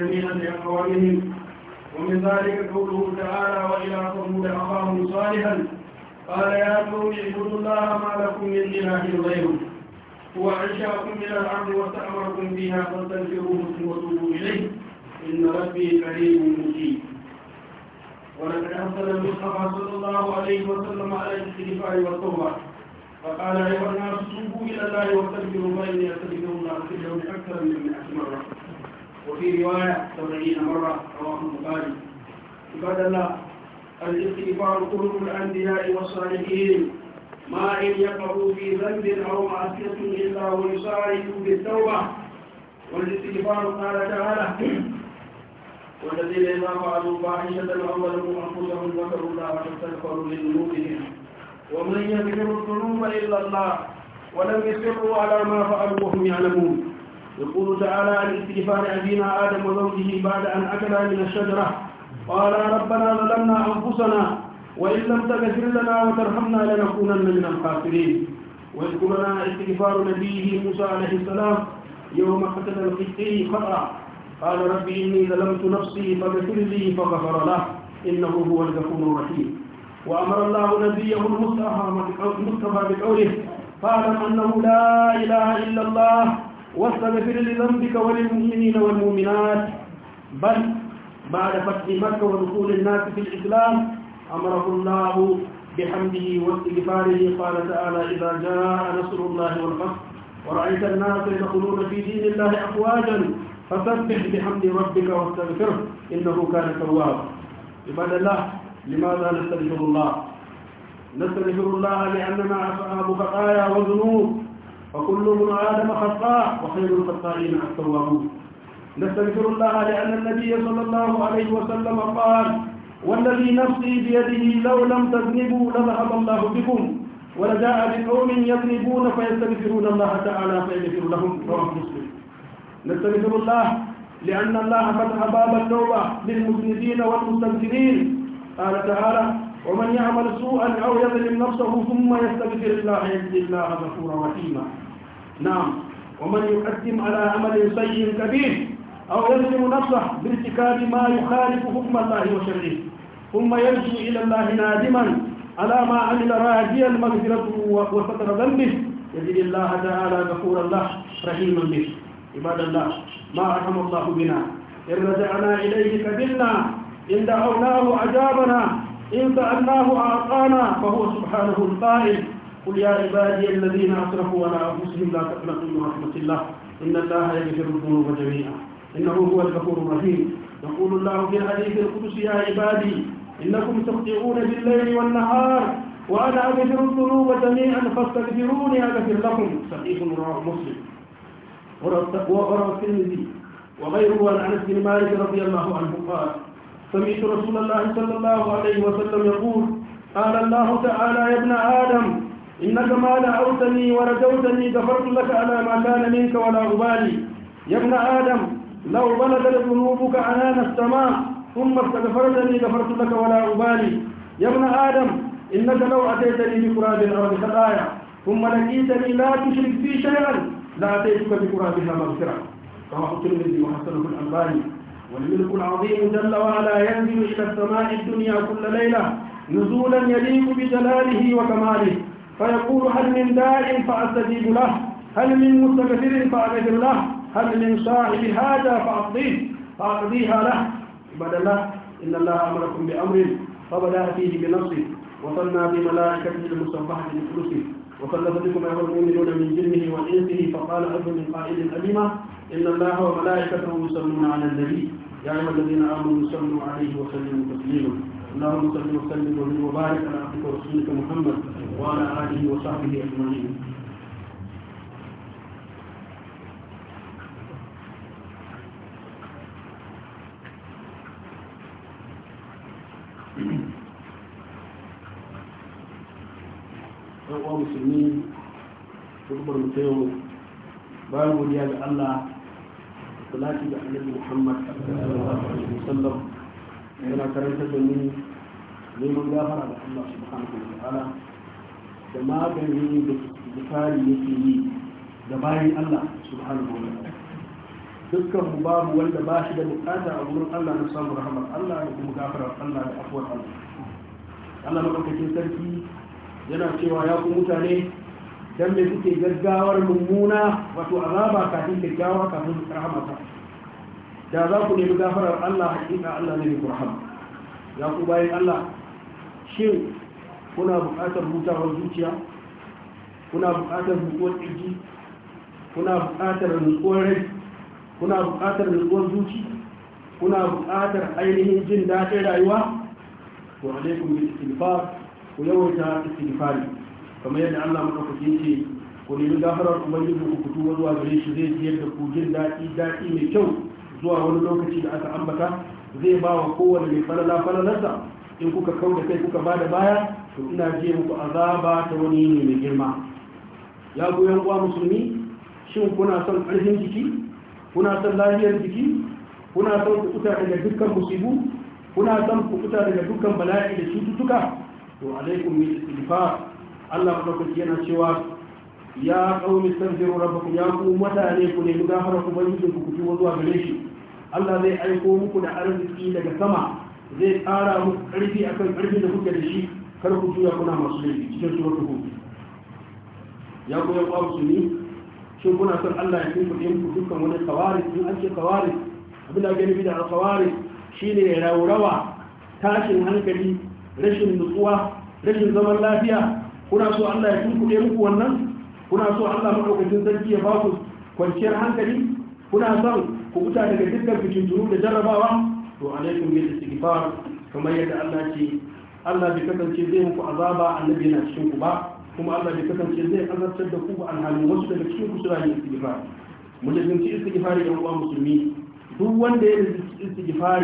جميعا لأقوالهم ومن ذلك قوله تعالى وإلى ثمود أخاهم صالحا قال يا قوم اعبدوا الله ما لكم من إله غيره هو أنشأكم من الأرض وتأمركم فيها فاستغفروه ثم توبوا إليه إن ربي كريم مجيب ولقد أرسل المصطفى صلى الله عليه وسلم على الاستغفاء والتوبة فقال أيها الناس توبوا إلى الله واستغفروا فإني أستغفر الله في اليوم أكثر من مئة مرة وفي رواية سبعين مرة رواه البخاري عباد الله الاستغفار قلوب الأنبياء والصالحين ما إن يقعوا في ذنب أو معصية إلا ويصارع بالتوبة والاستغفار قال تعالى والذين إذا فعلوا فاحشة أو ظلموا أنفسهم ذكروا الله فاستغفروا لذنوبهم ومن يذكر الذنوب إلا الله ولم يصروا على ما فعلوا وهم يعلمون يقول تعالى عن استغفار أبينا آدم وزوجه بعد أن أكلا من الشجرة قال ربنا ظلمنا أنفسنا وإن لم تغفر لنا وترحمنا لنكونن من الخاسرين ويذكرنا استغفار نبيه موسى عليه السلام يوم قتل القسطي خطأ قال ربي إني ظلمت نفسي فغفر لي فغفر له إنه هو الغفور الرحيم وأمر الله نبيه المصطفى بقوله فاعلم أنه لا إله إلا الله واستغفر لذنبك وللمؤمنين والمؤمنات بل بعد فتح مكة ودخول الناس في الإسلام أمره الله بحمده واستغفاره قال تعالى إذا جاء نصر الله والفتح ورأيت الناس يدخلون في دين الله أفواجا فسبح بحمد ربك واستغفره إنه كان توابا عباد الله لماذا نستغفر الله؟ نستغفر الله لأننا أصحاب خطايا وذنوب وكل ابن آدم خطاء وخير الخطائين التوابون نستغفر الله لأن النبي صلى الله عليه وسلم قال والذي نفسي بيده لو لم تذنبوا لذهب الله بكم ولجاء بقوم يذنبون فيستغفرون الله تعالى فيغفر لهم رواه مسلم نستغفر الله لأن الله فتح باب التوبة للمذنبين والمستغفرين قال تعالى ومن يعمل سوءا أو يظلم نفسه ثم يستغفر الله يجد الله غفورا رحيما نعم ومن يقدم على عمل سيء كبير أو يظلم نفسه بارتكاب ما يخالف حكم الله وشرعه ثم يرجع إلى الله نادما على ما عمل راجيا مغفرته وستر ذنبه يجد الله تعالى غفورا له رحيما به عباد الله ما رحم الله بنا إن رجعنا إليه كبرنا إن دعوناه أجابنا إن سألناه أعطانا فهو سبحانه القائل قل يا عبادي الذين أسرفوا على أنفسهم لا تقنطوا من رحمة الله إن الله يغفر الذنوب جميعا إنه هو الغفور الرحيم يقول الله في الحديث القدس يا عبادي إنكم تخطئون بالليل والنهار وأنا أغفر الذنوب جميعا فاستغفروني أغفر لكم صحيح رواه مسلم وروى الترمذي وغيره عن أنس بن مالك رضي الله عنه قال سمعت رسول الله صلى الله عليه وسلم يقول قال الله تعالى يا ابن آدم إنك ما دعوتني ورجوتني غفرت لك على ما كان منك ولا أبالي يا ابن آدم لو بلغت ذنوبك عنان السماء ثم استغفرتني غفرت لك ولا أبالي يا ابن آدم إنك لو أتيتني بقراب أو بخطايا ثم لقيتني لا تشرك بي شيئا لأتيتك بقرابها مغفرة كما قلت الذي وحسنه أنباري والملك العظيم جل وعلا ينزل إلى السماء الدنيا كل ليلة نزولا يليق بجلاله وكماله فيقول هل من داع فأستجيب له هل من مستكثر فأغفر له هل من صاحب هذا فأقضيه فأقضيها له عباد الله إن الله أمركم بأمر فبدأ فيه بنفسه وصلنا بملائكته المسبحة بفلوسه وخلف بكم أيها المؤمنون من جنه وإنسه فقال عز من قائل أليما إن الله وملائكته يصلون على النبي يا أيها الذين آمنوا صلوا عليه وسلموا تسليما اللهم صل وسلم وبارك على عبدك ورسولك محمد وعلى اله وصحبه اجمعين uwa musulmi turbar mu yau bayan godiya ga Allah salati ga annabi Muhammad sallallahu alaihi wasallam yana da ni neman gafara da Allah subhanahu wa ta'ala da magani da bukari yake yi da bayan Allah subhanahu wa ta'ala dukkan mu babu wanda ba shi da bukata a wurin Allah na samun rahmar Allah da kuma gafarar Allah da afuwar Allah Allah madaukakin sarki yana cewa ya ku mutane dan me kuke gaggawar mummuna wato azaba kafin gaggawa kafin rahama ta da za ku nemi gafarar Allah hakika Allah ne ku rahama ya ku bayan Allah shin kuna buƙatar hutawar zuciya kuna buƙatar nutsuwar ƙirji kuna buƙatar nutsuwar rai kuna buƙatar nutsuwar zuci kuna bukatar ainihin jin daɗin rayuwa to alaikum bil istighfar ku yawaita ne kamar yadda Allah madaukakin ce ku nemi gafarar ubangiji ku fito zuwa gare shi zai ji yadda ku jin daɗi daɗi mai kyau zuwa wani lokaci da aka ambata zai ba wa kowane mai falala falalarsa in kuka kauda kai kuka bada baya to ina je muku azaba ta wani ne mai girma ya goyon uwa musulmi shin kuna son ƙarfin jiki kuna son lafiyar jiki kuna son kukuta daga dukkan musibu kuna son kukuta daga dukkan bala'i da cututtuka to alaikum bi istighfar Allah madaukaki yana cewa ya qaumi astaghfiru rabbakum ya ku mutane ku ne gafara ku bai ku ku zuwa gare shi Allah zai aiko muku da arziki daga sama zai tsara muku ƙarfi akan ƙarfin da kuka da shi kar ku juya kuna masu laifi cikin suratul hud ya ku yan kwamu sunni shin kuna son Allah ya kinku din ku dukkan wani kawari in an ce kawari abin da gani da kawari shine raurawa tashin hankali rashin nutsuwa rashin zaman lafiya kuna so Allah ya kinku din muku wannan kuna so Allah madaukakin sarki ya ba ku kwanciyar hankali kuna son ku huta daga dukkan fitintunu da jarrabawa to alaikum bil istighfar kamar yadda Allah ce Allah bai kasance zai muku azaba annabi yana cikin ku ba kuma Allah bai kasance zai azabtar da ku ba alhalin wasu daga cikin ku suna yin istighfar mujallin istighfar ga uwa musulmi duk wanda ya yi istighfar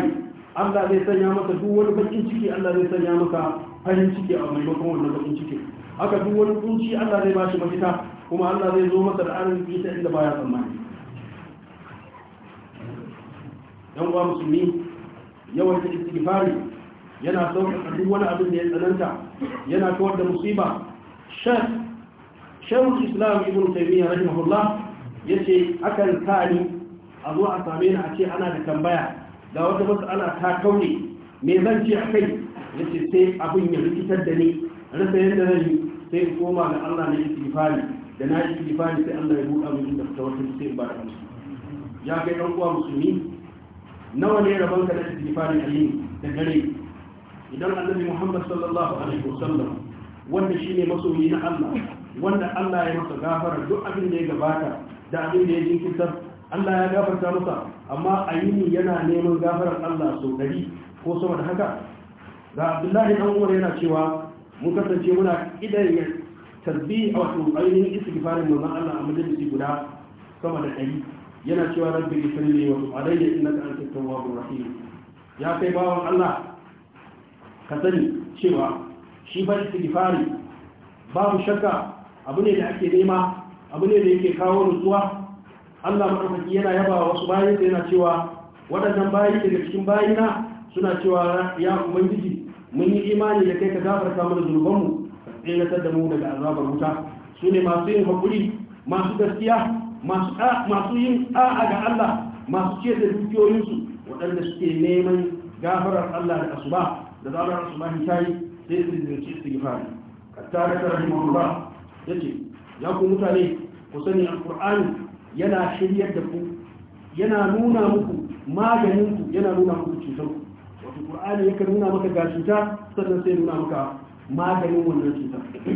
Allah zai sanya masa duk wani bakin ciki Allah zai sanya masa farin ciki a maimakon wannan bakin ciki haka duk wani kunci Allah zai bashi mafita kuma Allah zai zo masa da arin ta inda baya tsammani yan uwa musulmi yawan istighfari yana sauƙaƙa duk wani abin da ya tsananta yana kawar da musiba shan shan islam ibn taymiyyah rahimahullah yace akan kani a zo a same ni a ce ana da tambaya ga wata ana ta kauye me zan ce kai yace sai abin ya rikitar da ni rasa yadda zan yi sai koma ga Allah na istighfari da na istighfari sai Allah ya buɗa min da fitawar sai ba da amsa ya kai ɗan uwa musulmi nawa ne rabon ka da istighfari a da gare idan annabi muhammad sallallahu alaihi wasallam wanda shine masoyi na Allah wanda Allah ya masa gafara duk abin da ya gabata da abin da ya jinkirtar Allah ya gafarta masa amma ayini yana neman gafarar Allah sau ɗari ko sama da haka ga abdullahi dan umar yana cewa mun kasance muna ya tarbi a wato ainihin istighfarin manzon Allah a majalisi guda sama da ɗari yana cewa rabbi ifirli wa tub alayya innaka antat tawwabur rahim ya kai bawan Allah ka sani cewa shi ba shi istighfari babu shakka abu ne da ake nema abu ne da yake kawo nutsuwa Allah madaukaki yana yaba wasu bayin yana cewa waɗannan bayi daga cikin bayina suna cewa ya ubangiji mun yi imani da kai ka gafarta mana zunubanmu ka tsiratar da mu daga azabar wuta su ne masu yin hakuri masu gaskiya masu yin a'a ga Allah masu ce da dukiyoyinsu waɗanda suke neman gafarar Allah da asuba da zarar asuba hin tayi sai su zirce istighfari kattara ta rahimahullah yace ya ku mutane ku sani alqur'ani yana shiryar da ku yana nuna muku maganin ku yana nuna muku cutar ku wato qur'ani yakan nuna maka ga cuta sannan sai nuna maka maganin wannan cutar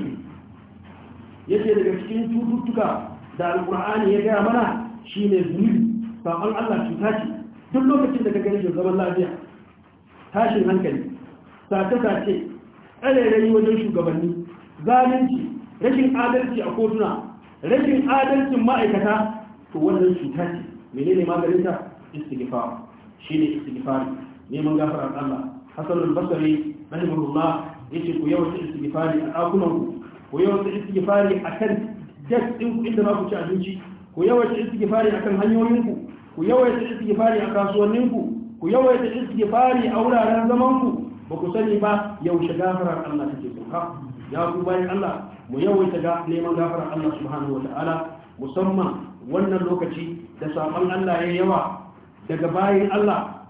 yace daga cikin cututtuka da Alkur'ani ya gaya mana shi ne zunubi saƙon allah cuta ce duk lokacin da ka gani shi zaman lafiya tashin hankali sace-sace tsarerayi wajen shugabanni zalunci rashin adalci a kotuna rashin adalcin ma'aikata to wannan cuta ce menene maganinta Shi ne istighfar neman gafarar Allah Hassan al-Basri rahimahullah ce ku yawaita istighfari a ɗakunanku. ku ku yawaita a akan gas ɗin inda za ku ci abinci ku yawaita istighfari akan hanyoyinku ku yawaita istighfari a kasuwanninku ku yawaita istighfari a wuraren ku ba ku sani ba yaushe gafarar Allah take sauka ya ku bayan Allah mu yawaita ga neman gafarar Allah subhanahu ta'ala musamman wannan lokaci da sabon Allah ya yawa daga bayan Allah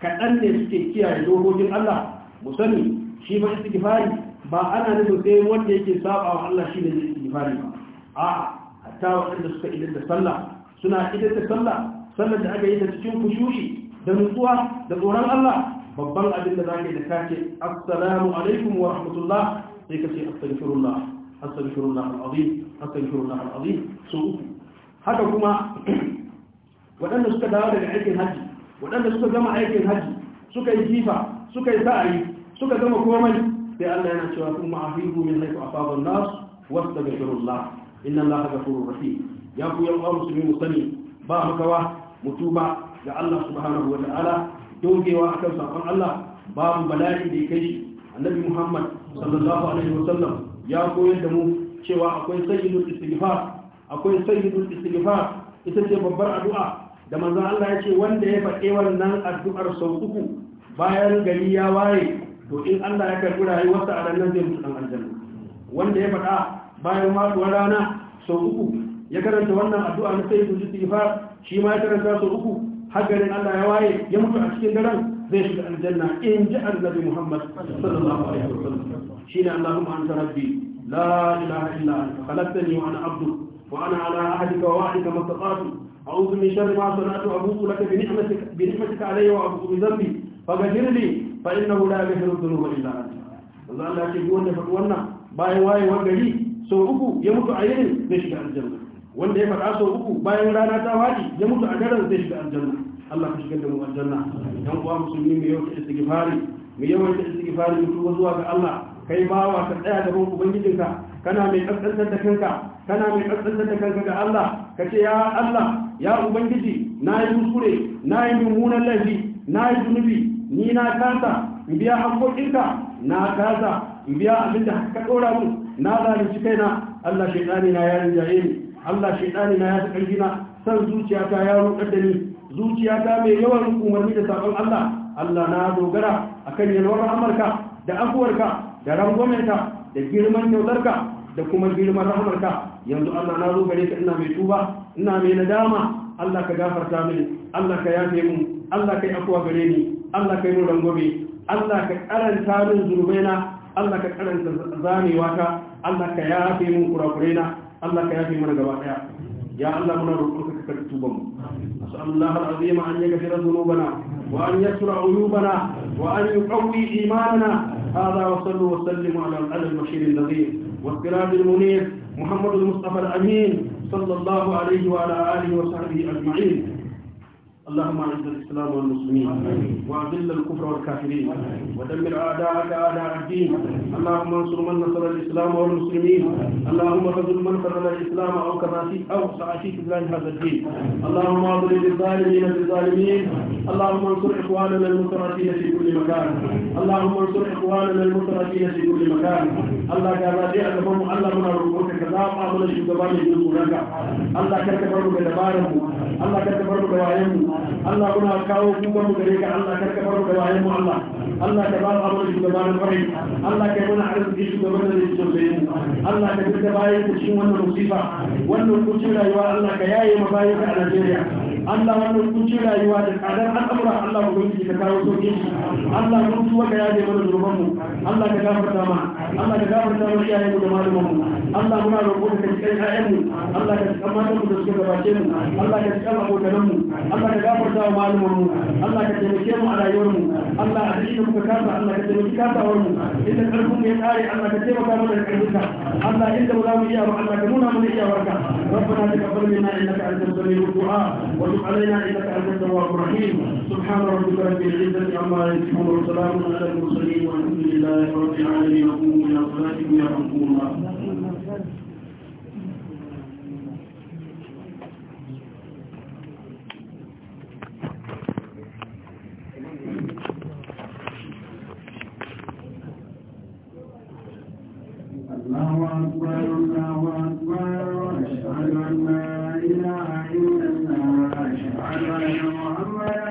kaɗan ne suke kiyaye dokokin Allah mu sani shi ba istighfari ba ana nufin sai wanda yake saba wa Allah shi ne istighfari ba a hatta waɗanda suka idan da sallah suna idan da sallah sallar da aka yi da cikin kushushi da nutsuwa da tsoron Allah babban abin da za ka yi da kace. assalamu alaikum wa rahmatullah sai ka ce astaghfirullah astaghfirullah al'azim astaghfirullah al'azim so uku haka kuma waɗanda suka dawo daga aikin haji waɗanda suka gama aikin haji suka yi jifa suka yi sa'ayi suka gama komai sai Allah yana cewa kun ma'afihu min haifu afadun nas wastaghfirullah inna allaha ghafurur rahim ya ku yan musulmi mu sani ba mu mutuba ga Allah subhanahu wa ta'ala dogewa akan sakon Allah babu bala'i da kai annabi Muhammad sallallahu alaihi wa sallam ya koyar da mu cewa akwai sayyidul istighfar akwai sayyidul istighfar ita ce babbar addu'a da manzo Allah ya ce wanda ya faɗe wannan addu'ar sau uku bayan gari ya waye to in Allah ya karɓi rayuwarsa a zai mutu dan aljanna wanda ya faɗa bayan faduwar rana sau uku ya karanta wannan addu'a na sai su fa shi ma ya karanta sau uku har Allah ya waye ya mutu a cikin daren zai shiga aljanna in ji annabi Muhammad sallallahu alaihi wasallam shine Allahumma anta rabbi لا إله إلا أنت خلقتني وأنا أعوذ من شر ما صنعت أبوء لك بنعمتك, بنعمتك علي وأبوء بذنبي فغفر لي فإنه لا يغفر الذنوب إلا أنت الله لا تقولنا فتولنا باي واي وغري sau uku ya mutu a yinin zai shiga aljanna wanda ya faɗa sau uku bayan rana ta faɗi ya mutu a daren zai shiga aljanna Allah ka shigar da mu aljanna dan uwa musulmi mai yawan istighfari mai yawan istighfari mutu zuwa ga Allah kai ma wa ka tsaya gaban ubangijinka kana mai kaskantar da kanka kana mai kaskantar da kanka ga Allah ka ce ya Allah ya ubangiji na yi kuskure na yi mummunan laifi na yi zunubi ni na kasa in biya haƙoƙinka na kasa in biya abin da ka ɗora mu na zalunci kaina Allah shaitani na ya rinjaye ni Allah shaitani na ya ta karfi na san zuciyata ya rukar da ni zuciyata mai yawan umarni da sabon Allah Allah na dogara akan yalwar rahamarka da afuwarka da rangwamenka da girman kyautarka da kuma girman rahamarka yanzu Allah na zo gare ka ina mai tuba ina mai nadama Allah ka gafarta mini Allah ka yafe mu Allah ka yi afuwa gare ni Allah ka yi mu Allah ka karanta min zurbaina Allah ka karanta zamewa ta Allah ka yafe mun kurakurai من Allah ka yafe mana gaba daya ya Allah muna roƙonka ka karɓi أسأل الله العظيم أن يغفر ذنوبنا وأن يسر عيوبنا وأن يقوي إيماننا هذا وصلوا وسلموا على المشير النظير والسراج المنير محمد المصطفى الأمين صلى الله عليه وعلى آله وصحبه أجمعين اللهم اعز الاسلام والمسلمين واذل الكفر والكافرين ودمر اعداءك اعداء الدين اللهم انصر من نصر الاسلام والمسلمين اللهم خذل من خذل الاسلام او كما او سعتي في الله هذا الدين اللهم اضرب الظالمين بالظالمين اللهم انصر اخواننا المترفين في كل مكان اللهم انصر اخواننا المترفين في كل مكان الله قال لي انا بم الله من ربك كذا ما من الشباب يجوز الله كتبرك دبارهم الله كتبرك وعيهم Allah kuna kawo kukan mu gare ka Allah karka faru da bayan mu Allah Allah ka ba mu abin shugabanin kwarai Allah ka yi mana arziki shugaban da zai tambaye Allah ka da bayan ku cikin wannan musifa wannan kuncin rayuwa Allah ka yaye ma bayan ka a Najeriya Allah wannan kuncin rayuwa da tsadar al'amura Allah mu gudu ka kawo sauƙi Allah mun tuwa ka yaje mana zurban mu Allah ka gafarta ma Allah ka gafarta mu iyayen mu da malaman mu Allah muna roƙo ka cikin ƴaƴan mu Allah ka cikin matan mu da suka gabace mu Allah ka cikin abokan mu Allah ka gafarta wa malaman Allah ka taimake mu a rayuwar mu Allah a cikin muka kasa Allah ka taimake kasawar mu inda karfin mu ya kare Allah ka taimaka mana da karfinka Allah inda mu za mu iya ba Allah ka nuna mana iyawarka ربنا تقبل منا انك انت السميع الدعاء وتب علينا انك انت التواب الرحيم سبحان ربك رب العزه عما يصفون وسلام على المرسلين والحمد لله لله رب العالمين يقول يا صلاة يا رسول الله